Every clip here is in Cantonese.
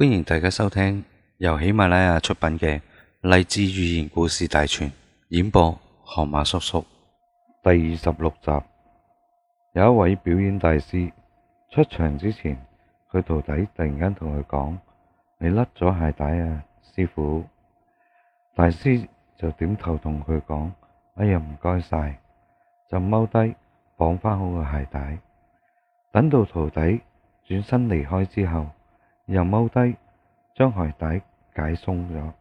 歡迎大家收聽由喜馬拉雅出品嘅《勵志寓言故事大全》，演播河馬叔叔第二十六集。有一位表演大師出場之前，佢徒弟突然間同佢講：你甩咗鞋帶啊，師傅！大師就點頭同佢講：哎呀，唔該晒，就踎低綁翻好個鞋帶。等到徒弟轉身離開之後。又踎低，將鞋帶解鬆咗。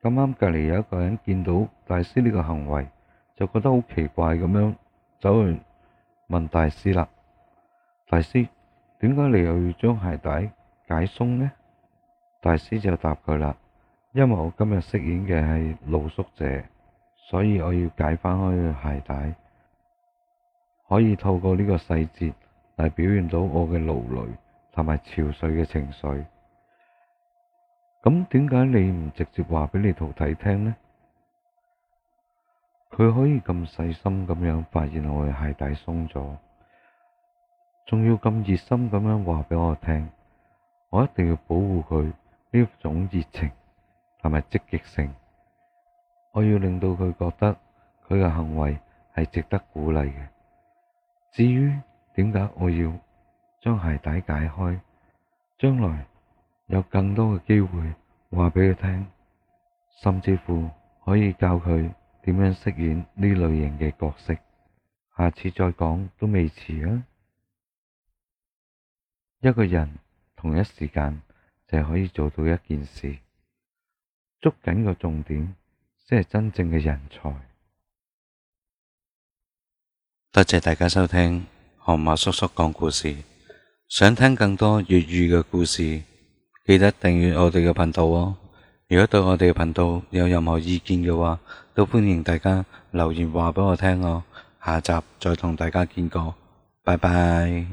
咁啱隔離有一個人見到大師呢個行為，就覺得好奇怪咁樣走去問大師啦：大師點解你又要將鞋帶解鬆呢？大師就答佢啦：因為我今日飾演嘅係露宿者，所以我要解翻開個鞋帶，可以透過呢個細節嚟表現到我嘅勞累。同埋潮水嘅情緒，咁點解你唔直接話俾你徒弟聽呢？佢可以咁細心咁樣發現我嘅鞋底鬆咗，仲要咁熱心咁樣話俾我聽，我一定要保護佢呢種熱情同埋積極性。我要令到佢覺得佢嘅行為係值得鼓勵嘅。至於點解我要，將鞋帶解開，將來有更多嘅機會話俾佢聽，甚至乎可以教佢點樣飾演呢類型嘅角色。下次再講都未遲啊！一個人同一時間就可以做到一件事，捉緊個重點先係真正嘅人才。多謝、謝大家收聽河馬叔叔講故事。想聽更多粵語嘅故事，記得訂閱我哋嘅頻道哦。如果對我哋嘅頻道有任何意見嘅話，都歡迎大家留言話俾我聽哦。下集再同大家見過，拜拜。